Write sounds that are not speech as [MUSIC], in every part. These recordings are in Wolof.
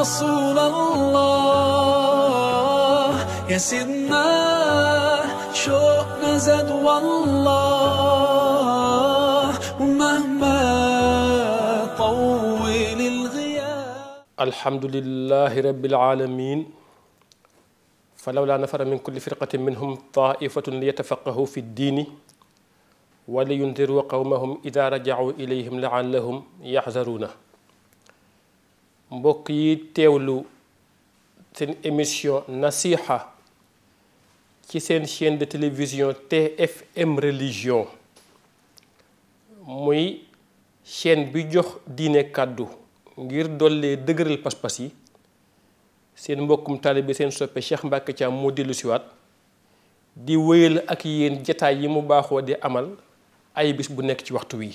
رسول الله يا سيدنا شوقنا زاد والله ومهما طول الغياب الحمد لله رب العالمين فلولا نفر من كل فرقة منهم طائفة ليتفقهوا في الدين ولينذروا قومهم إذا رجعوا إليهم لعلهم يحذرون mbokk yi teewlu seen émission nasiha ci seen chaine de télévision TFM religion muy chaine bi jox diine kàddu ngir dollee dëgëral pas-pas yi seen mbokkum taalibe seen soppe Cheikh Mbacké Thiam moo dellu siwaat di wéyal ak yéen jataay yi mu baaxoo di amal ay bis bu nekk ci waxtu wi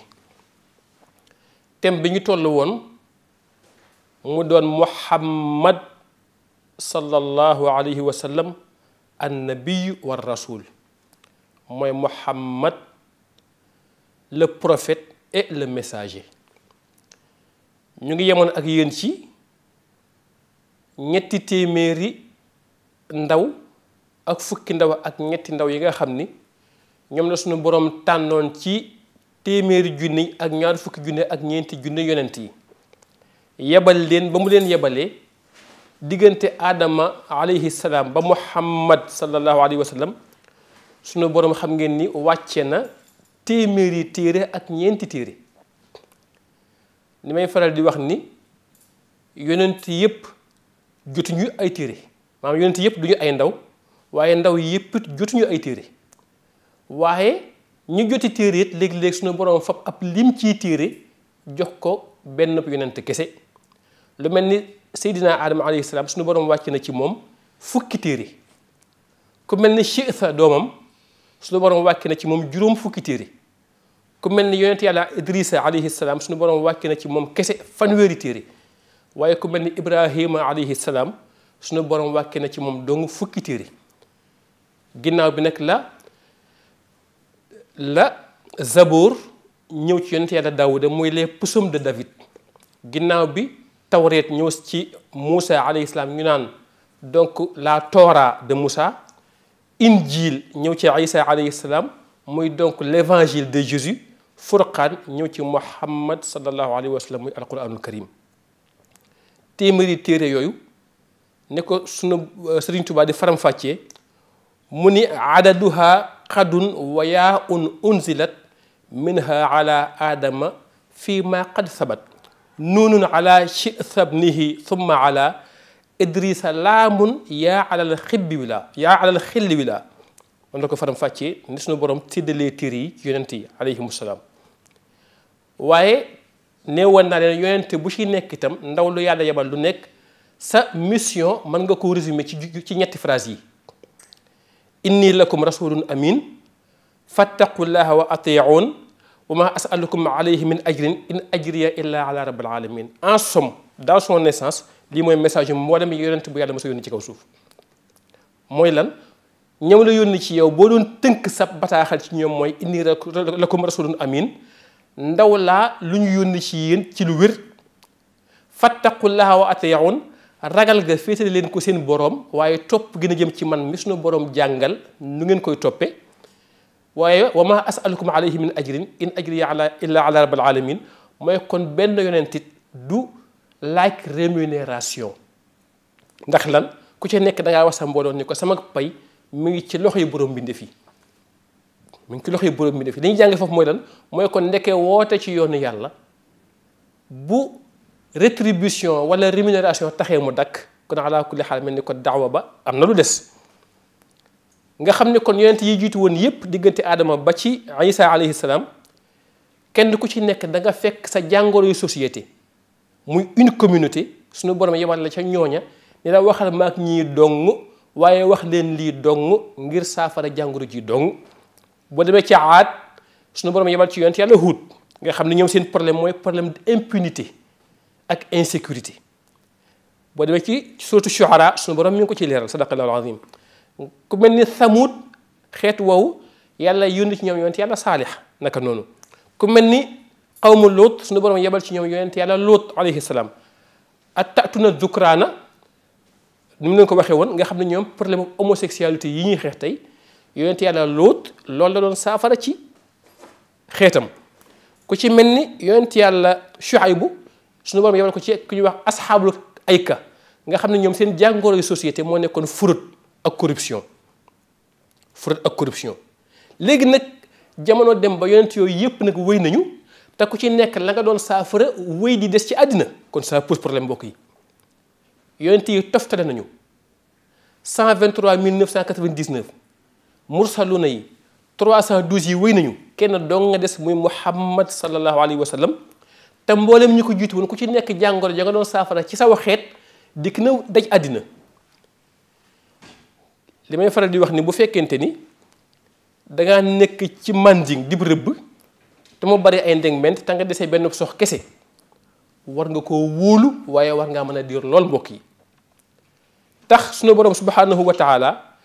thème bi ñu toll woon mu doon muhammad sallallahu alayhi wa sallam annabiyu war rasul mooy muhammad le prophète et le messager ñu ngi yemoon ak yéen ci ñetti téeméeri ndaw ak fukki ndaw ak ñetti ndaw yi nga xam ni ñoom la suñu boroom tànnoon ci téeméeri junni ak ñaar fukki junni ak ñeenti junni yonent yi yebal leen ba mu leen yebalee diggante aadama alayhi salaam ba muhammad sallallahu alayhi wa sallam sunu boroom xam ngeen ni wàcce na téeméeri téere ak ñeenti téere li may faral di wax ni yonent yépp jotuñu ay téere maanaam yonent yépp ay ndaw waaye ndaw yépp jotuñu ay téere waaye ñu joti téere it léegi-léegi sunu boroom fab ab lim ciy téere jox ko benn yonent kese lu mel ni Seydina Adama alayhi salaam suñu borom wàcc na ci moom fukki téere ku mel ni Chiisa doomam suñu borom wàcc na ci moom juróom fukki téere ku mel ni yonent yàlla Idrissa alayhi salaam suñu borom wàcc na ci moom kese fanweeri téere waaye ku mel ni Ibrahima alayhi salaam suñu borom wàcc na ci moom dong fukki téere ginnaaw bi nag la la Zabour ñëw ci yonent yàlla Daawuda muy les psaumes de David ginnaaw bi. tawreet ñëw ci Moussa alayhi salaam ñu naan donc la Torah de Moussa injil ñëw ci Isa alayhi salaam muy donc l'évangile de Jésus furqaan ñëw ci Muhammad sallallahu alayhi wa sallam muy alquranul karim téeméeri téere yooyu ne ko sunu euh, Sëriñ Tuubaa di faram-fàccee mu ni adaduha xadun wa un unzilat minha ala aadama fii ma sabat nuunun ala chisabnihi summa ala idrisa laamun yaa alal xibbi wi la yaa alal xilli wi la man la ko faram fàccee ni suñu borom séddalee tiir yi ci yonent yi alayhimu salaam waaye nee woon leen yonent bu ci nekk itam ndaw lu yàlla yabal lu nekk sa mission mën nga ko résumer ci ci ñetti phrase yi inni lakum rasulun amin fattaqullaha wa atiun wa ma asalukum alayhi min ajrin in ajriya illa ala rabbil alamin en somme dans son essence lii mooy message yu mboolem yonent bu yàlla mos a yónni mooy lan ñoom la yónni ci yow boo doon tënk sa bataaxal ci ñoom mooy inni lakum rasulun amin ndaw laa lu ñu yónni ci yéen ci lu wér fattaqullaha wa atiyun ragal nga féetale leen ko seen boroom waaye topp gën a jëm ci man mi suñu boroom jàngal nu ngeen koy toppe waaye wa ma asalukum alayhi min ajrin in ajriya ala illa ala rabbil alamin mooy kon benn yonent it du laaj rémunération ndax lan ku ci nekk da ngaa wax sa mbooloo ni ko sama pay mu ngi ci loxo yu borom bi ndefi mi ngi ci loxo yu borom bi ndefi li ñu foofu mooy lan mooy kon ndekkee woote ci yoonu yàlla bu retribution wala rémunération taxe mu dakk kon ala kulli xaal mel ni ko daawa ba am na lu des nga xam ne kon yonent yi jiitu woon yépp diggante aadama ba ci isa alayhi salaam kenn ku ci nekk da nga fekk sa jàngoro yu société muy une communauté suñu borom yemal la ca ñooña ne la waxal maak ñii dong waaye wax leen lii dong ngir saafara jàngoro ji dong boo demee ci aad sunu borom yemal ci yonent yàlla Huud nga xam ne ñoom seen problème mooy problème d'impunité ak insécurité boo demee ci surtout Shuara suñu borom mi ko ci leeral sadaqallaahu al ku mel ni samuut xeet wow yàlla yónni ci ñoom yonent yàlla saalix naka noonu ku mel ni xawmu luut suñu borom yebal ci ñoom yonent yàlla luut alayhi salaam ak tatuna dukraana ni mu leen ko waxee woon nga xam ne ñoom problème homosexualité yi ñuy xeex tey yonent yàlla loolu la doon saafara ci xeetam ku ci mel ni yonent yàlla Shuaybu suñu borom yebal ko ci ku ñuy wax asxaabul ayka nga xam ne ñoom seen jàngoro yu société moo nekkoon furut ak corruption fraude ak corruption léegi nag jamono dem ba yonent yooyu yëpp nag wéy nañu te ku ci nekk la nga doon saafara wéy di des ci àddina kon ça pose problème mbokk yi yonent yi toftale nañu 123 999 mursaluna yi 312 yi wéy nañu kenn dong nga des muy muhammad sallallahu alayhi wa sallam te mboolem ñi ko jiitu woon ku ci nekk jàngoro ja nga doon saafara ci sa waxeet dikk na daj àddina li may faral di wax ni bu fekkente ni danga nekk ci manding dib rëbb te mu bari ay ndegment te nga desee benn sox kese war nga koo wóolu waaye war ngaa mën a diir lool mbokk yi tax sunu borom subhanahu wa taala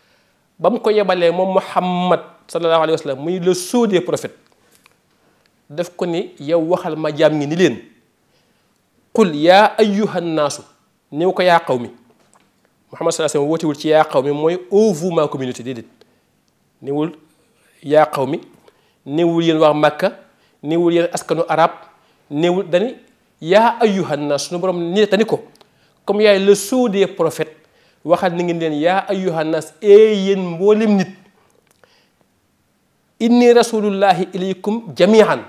ba mu ko yebalee moom muhammad sallallahu alayhi wa sallam muy le sceau des prophètes def ko ni yow waxal ma jaam ngi ni leen qul yaa ayyuhan naasu néew ko yaa mi Muhammad sallallahu alayhi ci yaa xaw mi mooy ô vous ma communauté déedéet newul yaa xaw mi newul yéen wax Màkka newul yéen askanu arab newul dani yaa ayyuhan naas suñu borom nii ko comme yaay le sceau des prophètes ni ngeen leen yaa ayyuhan naas ee yéen mboolem nit inni rasulullahi ilaykum jamian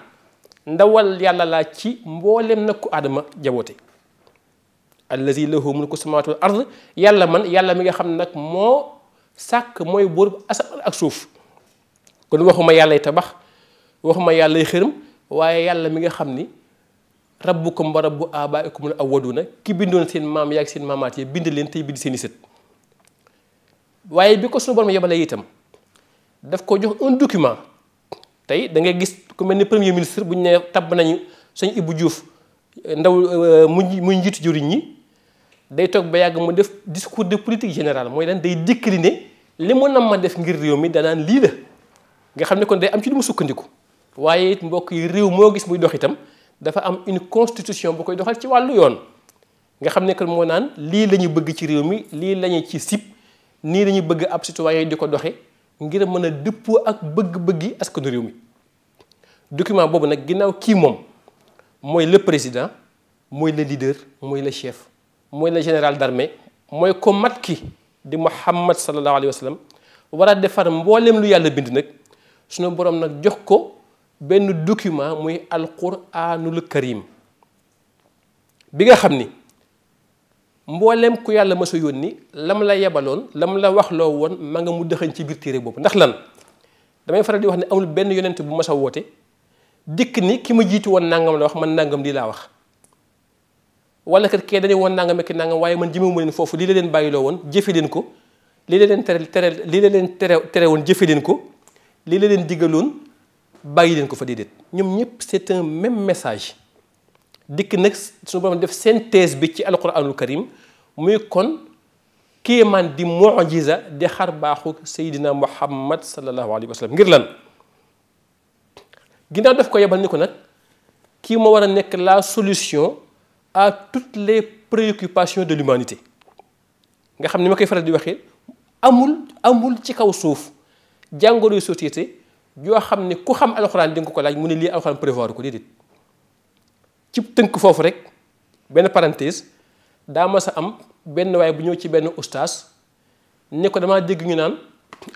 ndawal yàlla laa ci mboolem nag ku aadama jaboote allazi lahu mulku ko wal ard yàlla man yàlla mi nga xam ne nag moo sàkk mooy buur asamaan ak suuf kon waxuma yàllay tabax waxuma yàllay xërëm waaye yàlla mi nga xam ni rab bu rabbukum wa rabbu abaikumul awwaluuna ki bindoon seen maam yaag seen maamaat yi bind leen tey bind seen i sët waaye bi ko suñu borom yebalee itam daf ko jox un document tey da ngay gis ku mel ni premier ministre bu ñu ne tabb nañu sëñ Ibou Diouf ndaw euh, mu mu njiitu jëriñ ñi day toog ba yàgg mu def discours de politique générale mooy lan day décliner li mu nam ma def ngir réew mi danaan lii la nga xam ne kon day am ci lu mu sukkandiku waaye it mbokk yi réew moo gis muy dox itam dafa am une constitution bu koy doxal ci wàllu yoon nga xam ne kon moo naan lii la ñu bëgg ci réew mi lii lañu ci sib nii la ñu bëgg ab citoyen di ko doxe ngir mën a dëppoo ak bëgg-bëggi askanu réew mi document boobu nag ginnaaw kii moom mooy le président mooy le leader mooy le chef mooy le général d'armée mooy ko mat ki di Muhammad sallallahu alayhi wa sallam war a defar mboolem lu yàlla bind nag sunu boroom nag jox ko benn document muy alquranul karim bi nga xam ni mboolem ku yàlla ma sa yónni lam la yebaloon lam la waxloo woon ma nga mu dëxañ ci biir téere boobu ndax lan damay faral di wax ne amul benn yonent bu mës a woote dikk ni ki ma jiitu woon nangam la wax man nangam lii laa wax wala kër kee dañu woon nangam ak nangam waaye man jëmewuma leen foofu lii la leen bàyyiloo woon jëfe leen ko lii la leen tere tere lii la leen tere tere woon jëfe leen ko lii la leen diggaloon bàyyi leen ko fa déedéet ñoom ñëpp c'est un même message dikk nag suñu borom def synthèse bi ci alquranul karim muy kon kéemaan di mujiza di xar baaxu Seydina Muhammad sallallahu alayhi wa sallam ngir lan ginnaaw def ko yebal ni ko nag kii moo war a nekk la solution à toutes les préoccupations de l'humanité nga xam ni ma koy faral di waxee amul amul ci kaw suuf jàngoro société yoo xam ne ku xam alxuraan di ko laaj mu ne lii alxuraan prévoir ko déedéet ci tënk foofu rek benn parenthèse daa mas am benn waaye bu ñëw ci benn ustaas ne ko damaa dégg ñu naan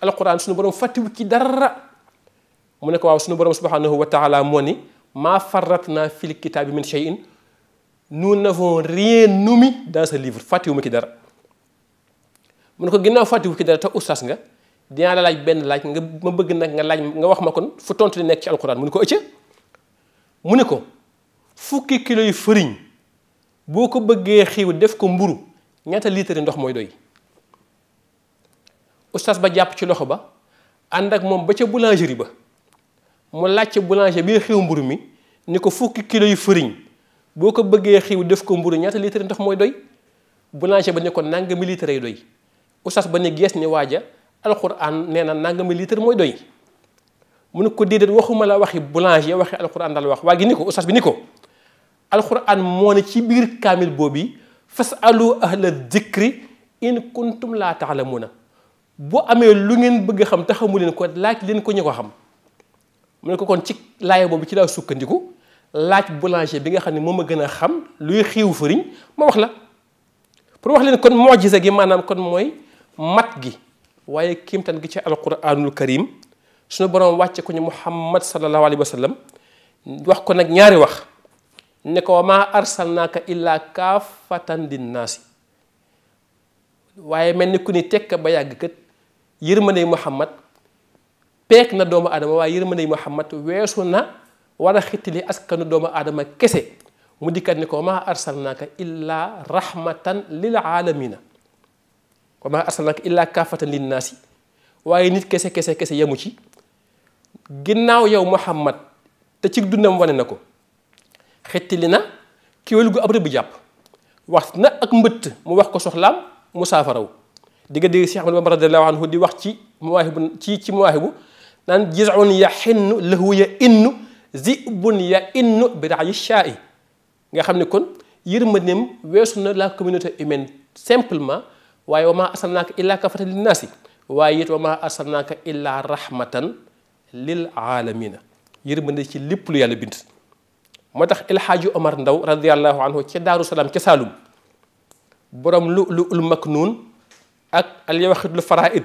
alxuraan suñu borom fàttiwu ci dara mu ne ko waaw suñu borom subhanahu wa taala moo ni maa farat naa fil kitaabi min shay'in nu n'avons rien nu dans ce livre fàttiwu ma ci dara mu ne ko ginnaaw fàttiwu ci dara te ustaas nga dinaa la laaj benn laaj nga ma bëgg nag nga laaj nga wax ma kon fu tontu li nekk ci alxuraan mu ne ko ëcc mu ne ko fukki kilo yu fëriñ boo ko bëggee xiiw def ko mburu ñaata litre ndox mooy doy ustaas ba jàpp ci loxo ba ànd ak moom ba ca boulangerie ba mu laaj ca boulanger bi xiiw mburu mi ni ko fukki kilo yu fëriñ boo ko bëggee xiw def ko mburu ñaata litre ndox mooy doy boulanger ba ne ko nangami litre yi doy oustaz ba ne gees ni waaja alquran nee na nangami litre mooy doy mu ne ko déedéet waxuma la waxi boulanger waxi alquran daal wax waa gi ni ko oustaz bi ni ko alquran moo ne ci biir kaamil boobu fas alu ahla dikri in kuntum laa taalamuuna bu amee lu ngeen bëgg xam te xamu leen ko laaj leen ko ñu ko xam mu ne ko kon ci laaya boobu ci laa sukkandiku laaj boulanger bi nga xam ne moom a gën a xam luy xiiw fariñ ma wax la pour wax leen kon mojisa gi maanaam kon mooy mat gi waaye kiimtan gi ci alquranul karim suñu borom wàcce ko ñu muhammad sallallahu alayhi wa sallam wax ko nag ñaari wax ne ko maa arsalnaaka illaa kaafatan waaye mel ni ku ni tekk ba yàgg kat yërmande muhammad peek na doomu aadama waaye yërmande muhammad weesu na war a xittali askanu doomu aadama kese mu dikkat ni ko maa arsalnaaka illaa rahmatan lil aalamina wa maa arsalnaaka illaa kaafatan lin naasi waaye nit kese kese kese yamu ci ginnaaw yow Muhammad te ci dundam wane na ko xettali na kiwél gu ab rëbb jàpp wax na ak mbëtt mu wax ko soxlaam mu saafaraw digga dégg Cheikh Ahmad Bamba radiyallahu anhu di wax ci mawaahibu ci ci naan jisun ya xinnu lahu ya innu zibun ya innu bi rax nga xam ne kon yërmandeem weesu na la communauté humaine simplement waaye wamaa arsalnaaka illaa kaafatan waaye it wamaa arsalnaaka illaa rahmatan lil ci lépp lu yàlla bind moo tax El Omar Ndaw radiallahu anhu ca Daaru Salaam ca Saalum borom lu lu ul maknuun ak al yawaxitul faraid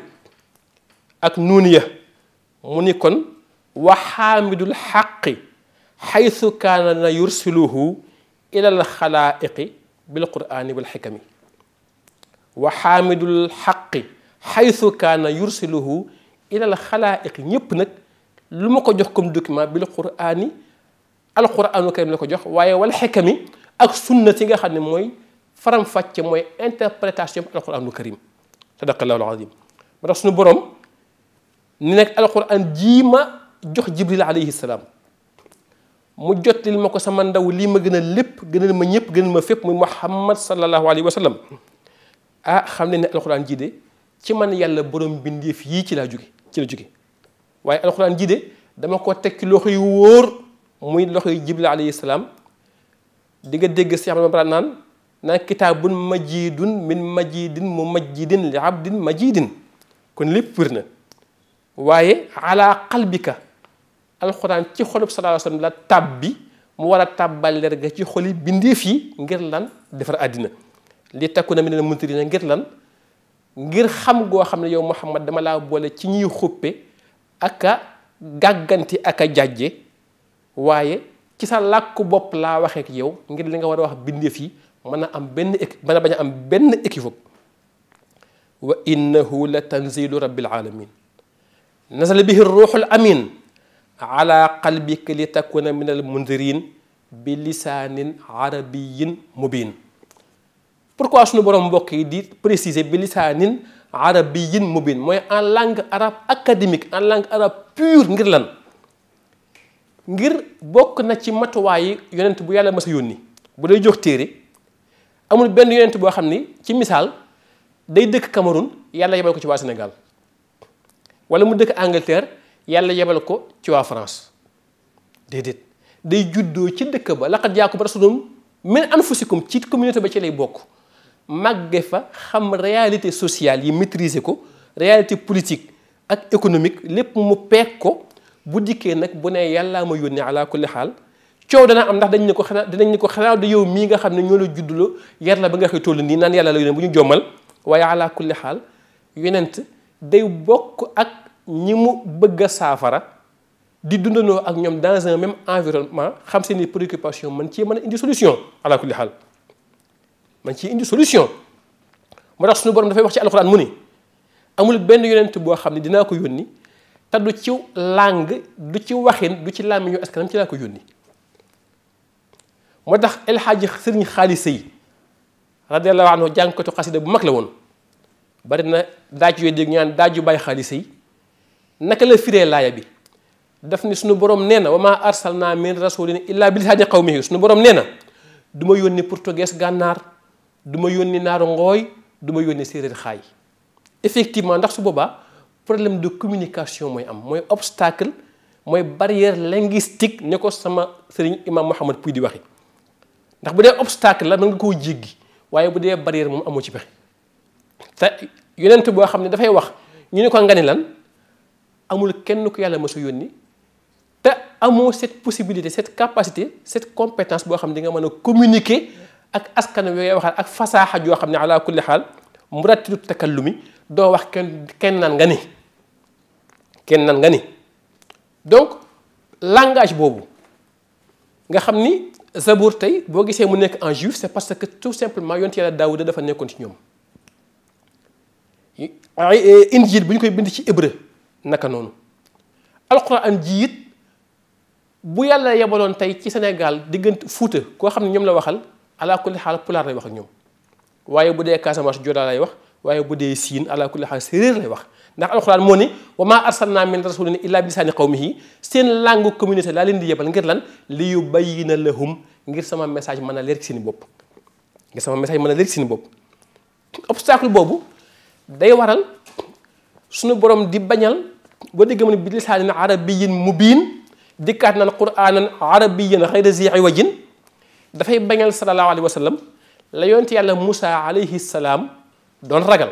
ak nuuniya mu ni kon wa xaamidul xaqi xaytu kaana na yursiluhu ilal xalaa'iqi bil qur'aani wal xikami wa xaamidul xaqi xaytu kaana yursiluhu ilal xalaa'iqi ñëpp nag lu ma ko jox comme document bil qur'aani al qur'aanu karim la ko jox waaye wal xikami ak sunna si nga xam ne mooy faram-fàcce mooy interprétation bi al qur'aanu karim sadaqallaahu al aziim ma tax suñu borom ni nag al jox jibril alayhi salaam mu jotlil ma ko sama ndaw lii ma gën a lépp gënal ma ñëpp gënal ma fépp muy muhammad sallallahu alayhi wa sallam ah xam ne ni alxuraan jii ci man yàlla borom bindeef yii ci laa jóge ci la jóge waaye alxuraan jii dama ko tekki loxo yu wóor muy loxo yu jibril alayhi salaam di nga dégg si xam ne naan naan kitaabun majidun min majidin mu majidin li abdin majidin kon lépp wér na waaye ala qalbika alxuraan ci xolub sallallahu alayhi wasallam la tàbbi mu war a tàbbal leer ci xoli bindeef yi ngir lan defar àddina li takku na mi ne munti na ngir lan ngir xam goo xam ne yow Muhammad dama laa boole ci ñuy xuppe ak a gàgganti ak a jàjje waaye ci sa làkku bopp laa waxeek yow ngir li nga war a wax bindeef yi mën a am benn équi mën a bañ a am benn équivoque wa innahu la tanzilu rabbil alamin nazala ruuxul amin ala qalbika li takuna min al mundirin bi lisaanin arabiyin mubin pourquoi suñu borom mbokk yi di préciser bi lisaanin arabiyin mubin mooy en langue arabe académique en langue arabe pure ngir lan ngir bokk na ci matuwaayi yonent bu yàlla mas a yónni bu day jox téere amul benn yonent boo xam ni ci misaal day dëkk Cameroun yàlla yebal ko ci waa Sénégal wala mu dëkk Angleterre yàlla yebal ko ci waa France déedéet day juddoo ci dëkk ba laqad jaakum rasulun min anfusikum ci communauté ba ci lay bokk magge fa xam réalité sociale yi maîtriser ko réalité politique ak économique lépp mu peeg ko bu dikkee nag bu ne yàllaa ma yónnee ala kulli xaal coow dana am ndax dañ ne ko xanaa dinañ ne ko xanaa di yow mii nga xam ne ñoo la juddloo yar la ba nga xëy toll nii naan yàlla la yónnee bu ñu jommal waaye ala xaal yonent ñi mu bëgg a saafara di dundanoo ak ñoom dans un même environnement xam seeni préoccupation man ci mën a indi solution ala kulli xaal man ci indi solution moo tax suñu borom dafay wax ci alxuraan mu ni amul benn yonent boo xam ne dinaa ko yónni te du ci langue du ci waxin du ci làmmiñu askanam ci laa ko yónni moo tax El Hadji Sëriñ Xaalis Sey radiyallahu anhu jàngkatu xasida bu mag la woon bari na daaj yooyu de ñaan daaju bàyyi Xaalis Sey naka la firee laaya bi daf ni suñu borom nee na wa maa arsalna min rasulin illaa bilisaani qawmihi suñu borom nee na du ma yónni portugais gànnaar du ma yónni naaru ngooy du ma yónni séeréer xaay effectivement ndax su boobaa problème de communication mooy am mooy obstacle mooy barrière linguistique ne ko sama sëriñ imam Mouhamed Pouy di waxi ndax bu dee obstacle la mën nga koo jéggi waaye bu dee barrière moom amu ci pexe te yonent boo xam ne dafay wax ñu ne ko nga lan amul kenn ku yàlla mësu yónni te amoo cette possibilité cette capacité cette compétence boo xam ne di nga mën a communiquer ak askan wi ngay ak fasaaxa joo xam ne ala kulli xaal murattilu takallumi doo wax kenn kenn naan nga ni kenn naan nga ni donc langage boobu nga xam ni Zabour tey boo gisee mu nekk en juif c'est parce que tout simplement yonent yàlla Daawuda dafa nekkoon ci ñoom injil bu ñu koy bind ci hébreu naka noonu alxuraan ji it bu yàlla yebaloon tey ci Sénégal diggante Fuuta koo xam ne ñoom la waxal ala kulli xaal pulaar lay wax ak ñoom waaye bu dee Casamance Joola lay wax waaye bu dee Siin ala kulli xaal séeréer lay wax ndax alxuraan moo ne wa maa arsalnaa min rasulin illaa bi lisaani qawmihi seen langue communauté laa leen di yebal ngir lan li yubayyina lahum ngir sama message mën a leer seeni bopp ngir sama message mën a leer ci bopp suñu borom di bañal boo déggee mu ne bi lisaanin arabiyin mubiin dikkaat naan quraanan arabiyin xayra zi iwajin dafay bañal sallallahu alayhi wa sallam la yonent yàlla Moussa alayhi salaam doon ragal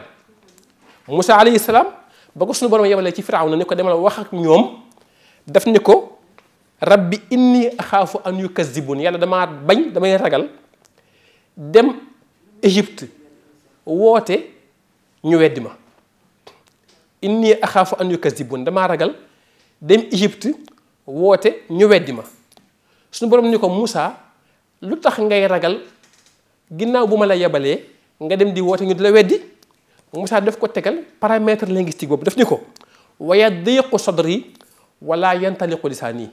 Moussa alayhi salaam ba ko suñu borom yebalee ci Firawna ne ko demal wax ak ñoom def ni ko rab bi inni axaafu an yukazzibun yàlla damaa bañ damay ragal dem Égypte woote ñu weddi ma indi inni axaafu an yukazibun damaa ragal dem Égypte woote ñu weddi ma suñu borom ni ko Moussa lu tax ngay ragal ginnaaw bu ma la yebalee nga dem di woote ñu di la weddi Moussa daf ko tegal paramètre linguistique boobu daf ni ko wayaat waya dayëqu ko di saa nii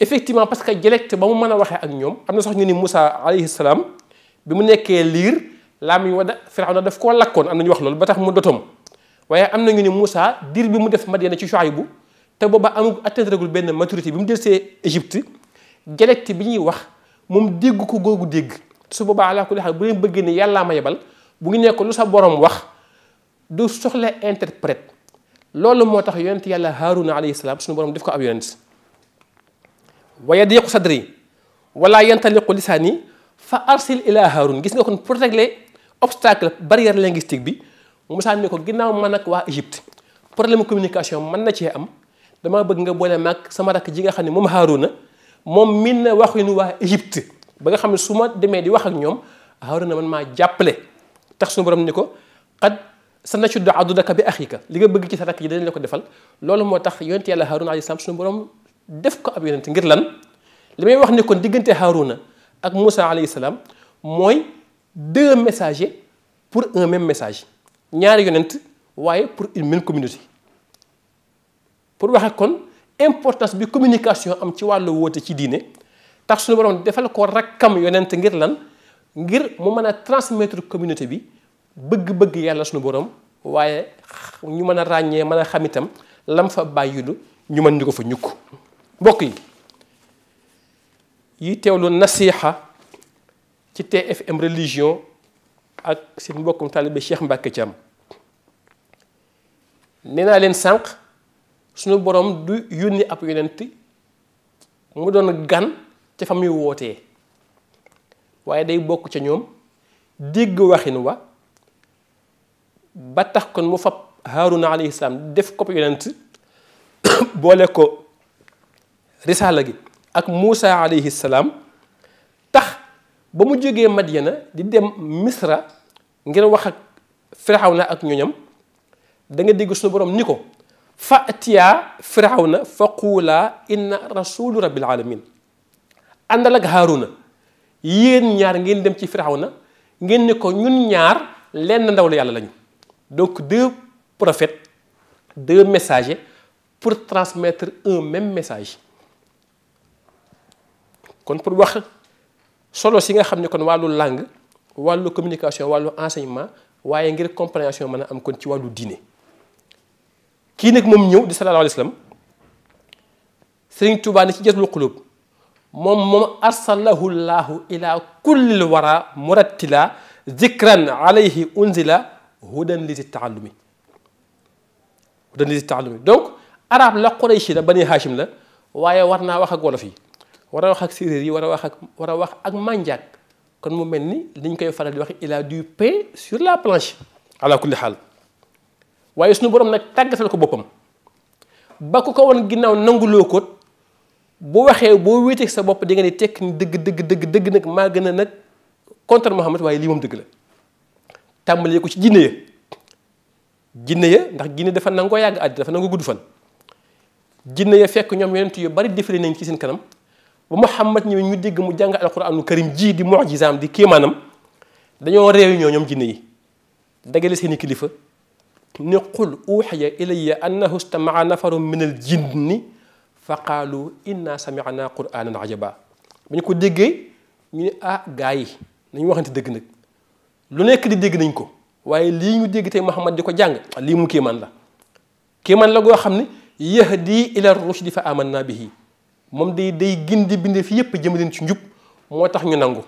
effectivement parce que dialecte ba mu mën a waxee ak ñoom am na sax ñu ni Moussa alayhi salaam bi mu nekkee liir laa muy wada na daf koo lakkoon am na ñu wax loolu ba tax mu dotom waaye am na ñu ne Moussa diir bi mu def Madiana ci bu te booba amul atteindregul benn maturité bi mu delsee Égypte dialecte bi ñuy wax moom dégg ko googu dégg su boobaa alaa kulli xaal bu leen bëggee ne yàllaa ma yebal bu ngi nekk lu sa borom wax du soxla interprète loolu moo tax yonent yàlla Haaruna alayhi salaam suñu borom def ko ab yonent wa yadiqu sadri wala yantaliqu lisaani fa arsil ila Haarun gis nga kon protéger obstacle barrière linguistique bi Moussa ni ko ginnaaw man ak waa Égypte problème communication man na cee am damaa bëgg nga boole maag sama rakk ji nga xam ne moom Haaruna moom miin na nu waa Égypte ba nga xam ne su ma demee di wax ak ñoom Haaruna man maa jàppale tax suñu borom ni ko xat sa nashuddu adudaka bi axika li nga bëgg ci sa rakk ji dañ la ko defal loolu moo tax yonent yàlla Haaruna alayhi salaam suñu borom def ko ab yonent lan li may wax ne kon diggante Haaruna ak Moussa alayhi salaam mooy deux messagers pour un même message ñaari yonent waaye pour une même communauté pour waxe kon importance bi communication am ci wàllu woote ci diine tax suñu borom defal ko rakkam yonent ngir lan ngir mu mën a transmettre communauté bi bëgg-bëgg yàlla suñu boroom waaye ñu mën a ràññee mën a xam itam lam fa bàyyilu ñu mën ñu ko fa ñukk mbokk yi yi teewlu nasiha ci TFM religion ak seen mbokkum taalibe Cheikh Mbacke Thiam nee naa leen sànq suñu boroom du yónni ab yonent mu doon gan ca fa muy wootee waaye day bokk ca ñoom dégg waxin wa ba tax kon mu fab Haaruna alayhi salaam def ko yonent [COUGHS] boole ko risaala gi ak Muusa alayhi salaam ba mu jógee Madyana di dem Misra ngir wax ak na ak ñoñam danga nga dégg suñu borom ni ko fa atiyaa Firawna fa quulaa inna rasulu rabbil alamin àndal ak Haaruna yéen ñaar ngeen dem ci na ngeen ni ko ñun ñaar lenn ndaw la yàlla lañu donc deux prophètes deux messagers pour transmettre un même message kon pour wax solo si nga xam ne kon wàllu langue wàllu communication wàllu enseignement waaye ngir compréhension mën a am kon ci wàllu diine kii nag moom ñëw di sallallahu alayhi wasallam Sëriñ Tuubaa ne ci Jazbul Quluub moom moom arsalahu ila kullil wara murattila zikran alayhi unzila hudan liti taallumi hudan liti taallumi donc arab la Qurayshi la Bani Haashim la waaye war naa wax ak wolof yi war a wax ak séeréer yi war a wax ak war a wax ak mànjaag kon mu mel ni liñ koy faral di wax il a du pain sur la planche ala kulli xaal waaye suñu borom nag tàggatal ko boppam ba ku ko woon ginnaaw nanguloo ko bu waxee boo wéeteeg sa bopp di nga ne tekk ni dëgg dëgg dëgg dëgg nag maa gën a nag contre Muhammad waaye lii moom dëgg la tàmbalee ko ci jinne ya jinne ya ndax jinne dafa nangoo yàgg àddi dafa nangoo gudd fan jinne ya fekk ñoom yonent yu bari défilé nañ ci seen kanam ba Muhammad ñëwee ñu dégg mu jàng alquraanu karim ji di mujizaam di kéemaanam dañoo réunion ñoom jinne yi dagale seeni kilifa ne qul uxiya ilayya annahu stamaa nafaru min al jinni fa qaalu inna samiana quranan ajaba ba ñu ko déggee ñu ne ah gaa yi nañu waxante dëgg nag lu nekk di dégg nañ ko waaye lii ñu dégg tey Muhammad di ko jàng lii mu kéemaan la kéemaan la goo xam ne yahdi ila rushdi fa amanna bihi moom day day gindi bindee fi yépp jëm ci njub moo tax ñu nangu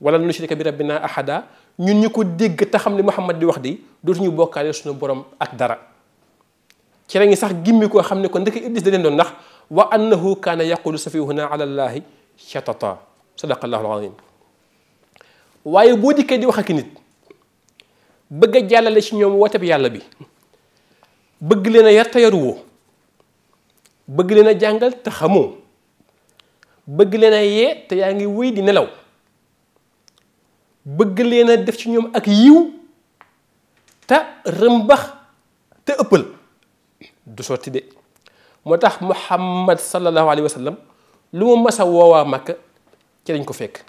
wala nushrika bi rabbina ahada ñun ñu ko dégg te xam li Muhammad di wax di dootuñu bokkaale suñu borom ak dara ci la ñu sax gimmi koo xam ne ko ndeke Iblis da leen doon ndax wa annahu kaana yaqulu safihuna ala llahi shatata sadaqa llahu alazim waaye boo dikkee di wax ak nit bëgg a jàllale ci ñoom wooteb yàlla bi bëgg leen a yar te yaruwoo bëgg leen a jàngal te xamoo bëgg leen a yee te yaa ngi wéy di nelaw bëgg leen a def ci ñoom ak yiw te rëmbax te ëppal du sotti de moo tax muhammad sallallahu alayhi wa sallam lu mu mas a woowaa màkk ci dañ ko fekk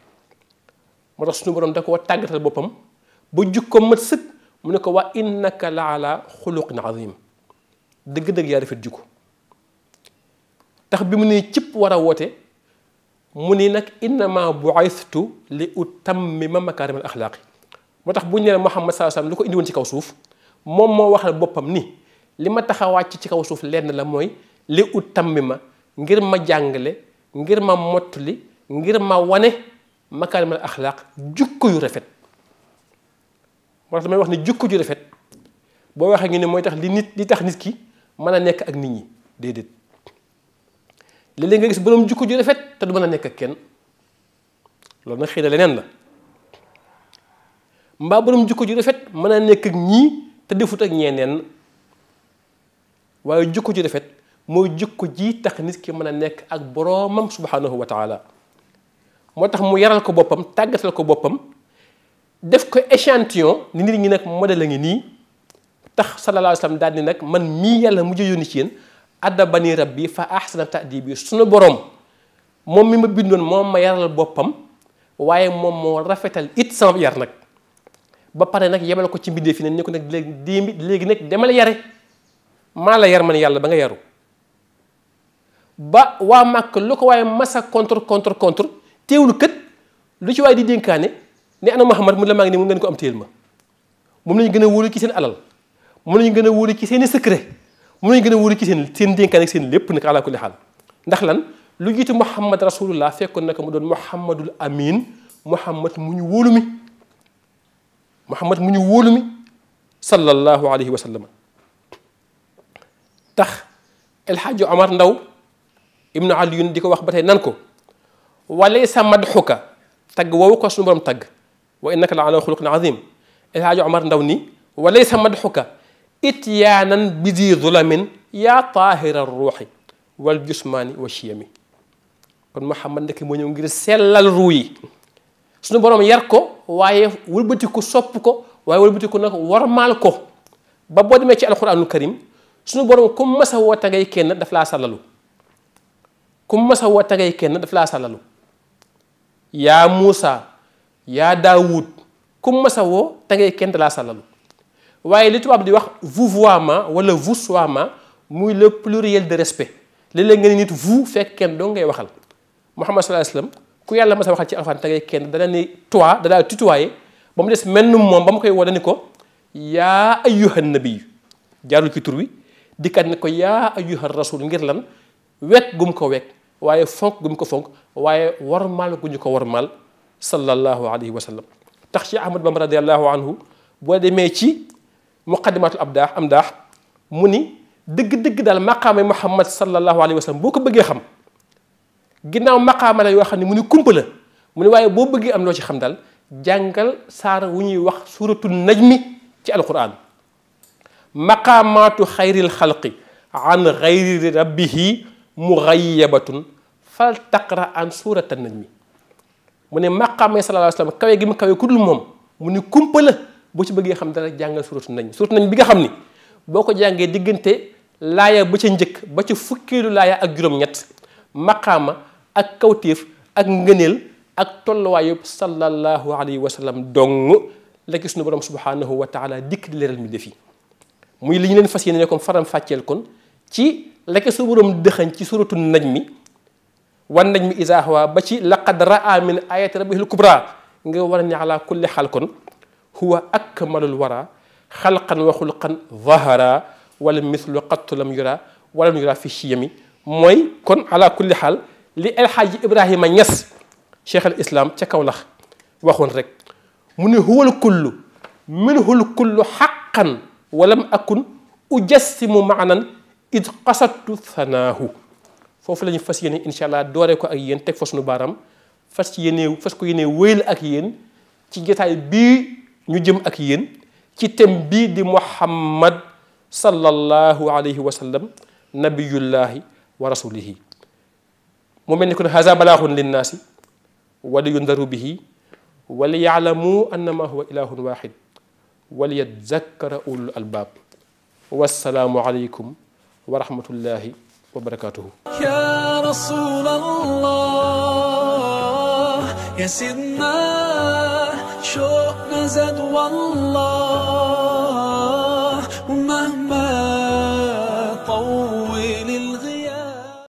moo tax suñu borom da ko tàggatal boppam ba jukko mat sëkk mu ne ko waa innaka la ala xuluqin azim dëgg-dëgg yaa rafet jukko ndax bi mu nee cëpp war a woote mu nii nag innama bu'istu li utammima makaarimal axlaaqi moo tax bu ñu nee Muhammad sallallahu alayhi wasallam lu ko indi ci kaw suuf moom moo waxal boppam ni li ma tax wàcc ci kaw suuf lenn la mooy li ma ngir ma jàngale ngir ma mottali ngir ma wane makaarimal axlaaq jukko yu rafet moo tax damay wax ni jukko ju rafet boo waxee ngi ne mooy tax li nit li tax nit ki mën a nekk ak nit ñi déedéet léeg nga gis borom jukko ju rafet te du mën a nekk ak kenn loolu nag xëy na leneen la mbaa borom jukko ju rafet mën a nekk ak ñii te defut ak ñeneen waaye jikko ju rafet mooy jikko ji tax nit ki mën a nekk ak boroomam subhanahu wa taala moo tax mu yaral ko boppam tàggatal ko boppam def ko échantillon ni nit ñi nag modèle la ngi nii tax sallallahu alayhi wa sallam daal ni nag man mii yàlla mujj yónni ci yéen addabani bi fa ahsana ta'dibi sunu boroom moom mi ma bindoon moom ma yaral boppam waaye moom moo rafetal it sama yar nag ba pare nag yebal ko ci mbindee fi ne ni ko nag léegi léegi nag demal yare maa la yar man yàlla ba nga yaru ba waa màkk lu ko waaye masa contre contre contre teewul kët lu ci waaye di dénkaane ne ana Muhammad mu la maa ngi ne mu ngeen ko am téel ma moom lañu gën a wóolu ci seen alal moom lañu gën a wóolu ci seen i mu nañ gën a ki ci seen seen dénkaan ak seen lépp nag ala kulli xaal ndax lan lu jiitu muhammad rasulullah fekkoon naka mu doon muhammadul amin muhammad mu ñu wóolu mu ñu wóolu mi sallallahu alayhi wa sallam tax elhaajo amar ndaw ibnu aliyun di ko wax ba tey nan ko walaysa madxuka tagg woowu ko suñu borom tagg wa innaka la ala xuluqin azim elhaajo amar ndaw ni walaysa madxuka ityaanan bidi zulamin yaa taahira ruuxi wal jusmaani wa chiyami kon Muhammad nekk moo ñëw ngir sellal ruu yi suñu borom yar ko waaye wëlbatiku sopp ko waaye wëlbatiku nag warmaal ko ba boo demee ci alquranul karim suñu borom ku masawoo a kenn daf laa sallalu ku mas a kenn daf laa sallalu yaa Muusa yaa Daawud ku mas a kenn da laa sallalu waaye li tubaab di wax vouvoiement wala voussoiement muy le pluriel de respect léeg-léeg nga ne nit vous fekk kenn doo ngay waxal Muhammad sallallahu alayhi wa sallam ku yàlla ma a waxal ci alxuraan te kenn dana ni toi dana tutoyer ba mu des mel ni moom ba mu koy woo ni ko yaa ayyuhan nabiyu jaarul ci tur wi dikkaat ne ko yaa ayyuhan rasul ngir lan wekk gum ko wekk waaye fonk gum ko fonk waaye warmaal gu ñu ko warmaal sallallahu alayhi wa sallam tax ci Ahmad Bamba radiyallahu anhu muqaddimatul ab daax mu ni dëgg-dëgg daal maqaamay muhammad sallallahu alayhi boo ko bëggee xam ginnaaw maqaama la yoo xam ne mu ni kumpa mu ni waaye boo bëggee am loo ci xam daal jàngal saara wu ñuy wax suuratu suratul najmi ci alquran maqaamaatu xayril xalqi an xayri rabbihi muxayabatun fal taqra an surata najmi mu ne maqaamay sallallahu alayhi wa sallam kawe gi mu kawe ku moom mu ni kumpa boo ci bëggee xam dara jàngal suratu nañ suratu nañ bi nga xam ni boo ko jàngee diggante laaya ba ca njëkk ba ca fukkeelu laaya ak juróom-ñett maqaama ak kawtéef ak ngëneel ak tolluwaay yëpp sallallahu alayhi wa sallam dong la gis nu borom subhanahu wa taala dikk di leeral mi defi muy li ñu leen fas yéene ne kon faram fàcceel kon ci la su borom dëxañ ci suratu nañ mi wan nañ mi izaa hawaa ba ci laqad raa min ayati rabbihil kubra nga war a ne ala kulli huwa akmalul wara xalqan wa xulqan zahara wala mislu qattu lam yura wala yura fi chiyami mooy kon ala kulli xaal li El Hadji Ibrahima Niass cheikh al islam ca Kawlax waxoon rek mu ne huwal kullu minhul kullu xaqan walam akun ujassimu maanan id qasattu sanaahu foofu la ñu fas yéene incha allah dooree ko ak yéen teg fa sunu baaram fas yéene fas ko yéene wéyal ak yéen ci jotaay bii. ñu jëm ak yéen ci thème bii di muhammad sallallahu alayhi wa sallam nabiyullahi wa rasulihi mu mel ni kon haza balaaxun linnaasi wala yundaru bihi wala yaalamu annama huwa ilahun waxid wala yadzakkara ulul albaab wassalaamu aleykum wa rahmatullahi wa barakatuhu ya rasul allah ya sidna çok nazad vallahi